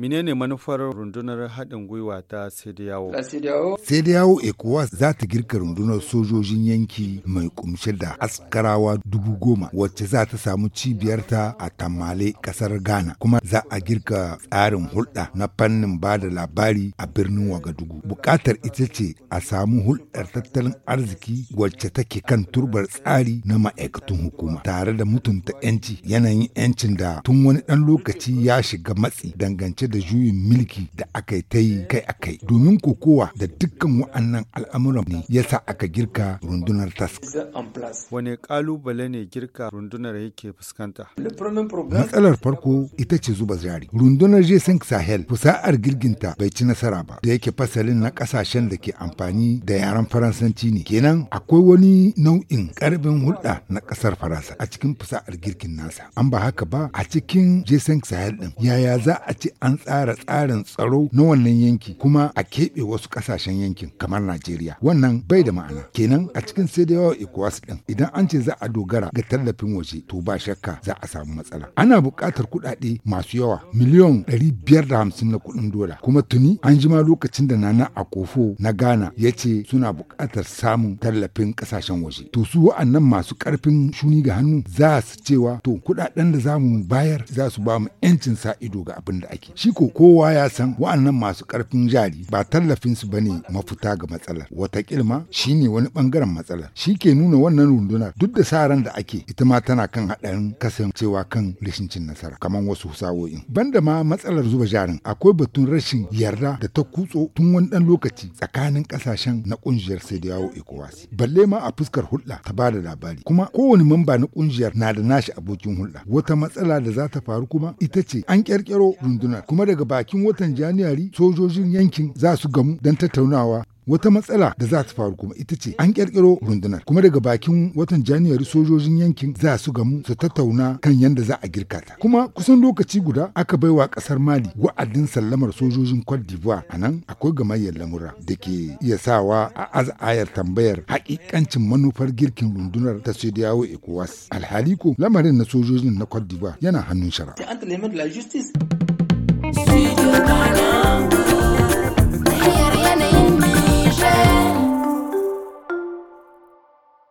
Menene manufar rundunar haɗin gwiwa ta CDAO? CDAO ECOWAS za ta girka rundunar sojojin yanki mai kumshe da askarawa dubu goma wacce za ta samu cibiyarta a Tamale ƙasar Ghana kuma za a girka tsarin hulɗa na fannin ba da labari a birnin Wagadugu. Bukatar ita ce a samu hulɗar tattalin arziki wacce take kan turbar tsari na ma'aikatun hukuma tare da mutunta 'yanci yanayin 'yancin da tun wani ɗan lokaci ya shiga matsi dangance da juyin mulki da aka yi ta yi kai a kai domin kokowa da dukkan wa'annan al'amuran ne yasa aka girka rundunar task wane kalubale ne girka rundunar yake fuskanta matsalar farko ita ce zuba jari rundunar jason sahel fusa'ar girginta bai ci nasara ba da yake fasalin na kasashen da ke amfani da yaren faransanci ne kenan akwai wani nau'in karbin hulɗa na ƙasar faransa a cikin fusa'ar girkin nasa an ba haka ba a cikin jason sahel din yaya za a ce an tsara tsarin tsaro na wannan yanki kuma a keɓe wasu ƙasashen yankin kamar Najeriya. Wannan bai da ma'ana. Kenan a cikin sai da yawa ECOWAS ɗin idan an ce za a dogara ga tallafin waje to ba shakka za a samu matsala. Ana buƙatar kuɗaɗe masu yawa miliyon ɗari biyar da hamsin na kuɗin dola kuma tuni an jima lokacin da Nana Akofo na Ghana ya ce suna buƙatar samun tallafin ƙasashen waje. To su wa'annan masu ƙarfin shuni ga hannu za su cewa to kuɗaɗen da za mu bayar za su ba mu 'yancin sa ido ga abin da ake. Shi Shi kowa ya san wa'annan masu ƙarfin jari ba tallafin su bane mafuta ga matsalar. Wata kilma shine wani bangaren matsalar. Shi ke nuna wannan rundunar duk da sa ran da ake ita ma tana kan haɗarin kasancewa kan rashin nasara kamar wasu sa'o'in. Banda ma matsalar zuba jarin akwai batun rashin yarda da ta kutso tun wani ɗan lokaci tsakanin ƙasashen na ƙungiyar sai da yawo ECOWAS. Balle ma a fuskar hulɗa ta ba da labari kuma kowane mamba na ƙungiyar na da nashi abokin hulɗa. Wata matsala da za ta faru kuma ita ce an ƙirƙiro rundunar kuma daga bakin watan januari sojojin yankin za su gamu don tattaunawa wata matsala da za ta faru kuma ita ce an kirkiro rundunar kuma daga bakin watan janairu sojojin yankin za su gamu su tattauna kan yadda za a girka ta kuma kusan lokaci guda aka baiwa kasar mali wa'adin sallamar sojojin cote d'ivoire a nan akwai gamayyar lamura da ke iya sawa a az'ayar tambayar hakikancin manufar girkin rundunar ta sediyawo ecowas ko lamarin na sojojin na cote d'ivoire yana hannun shara. Studio Ghana.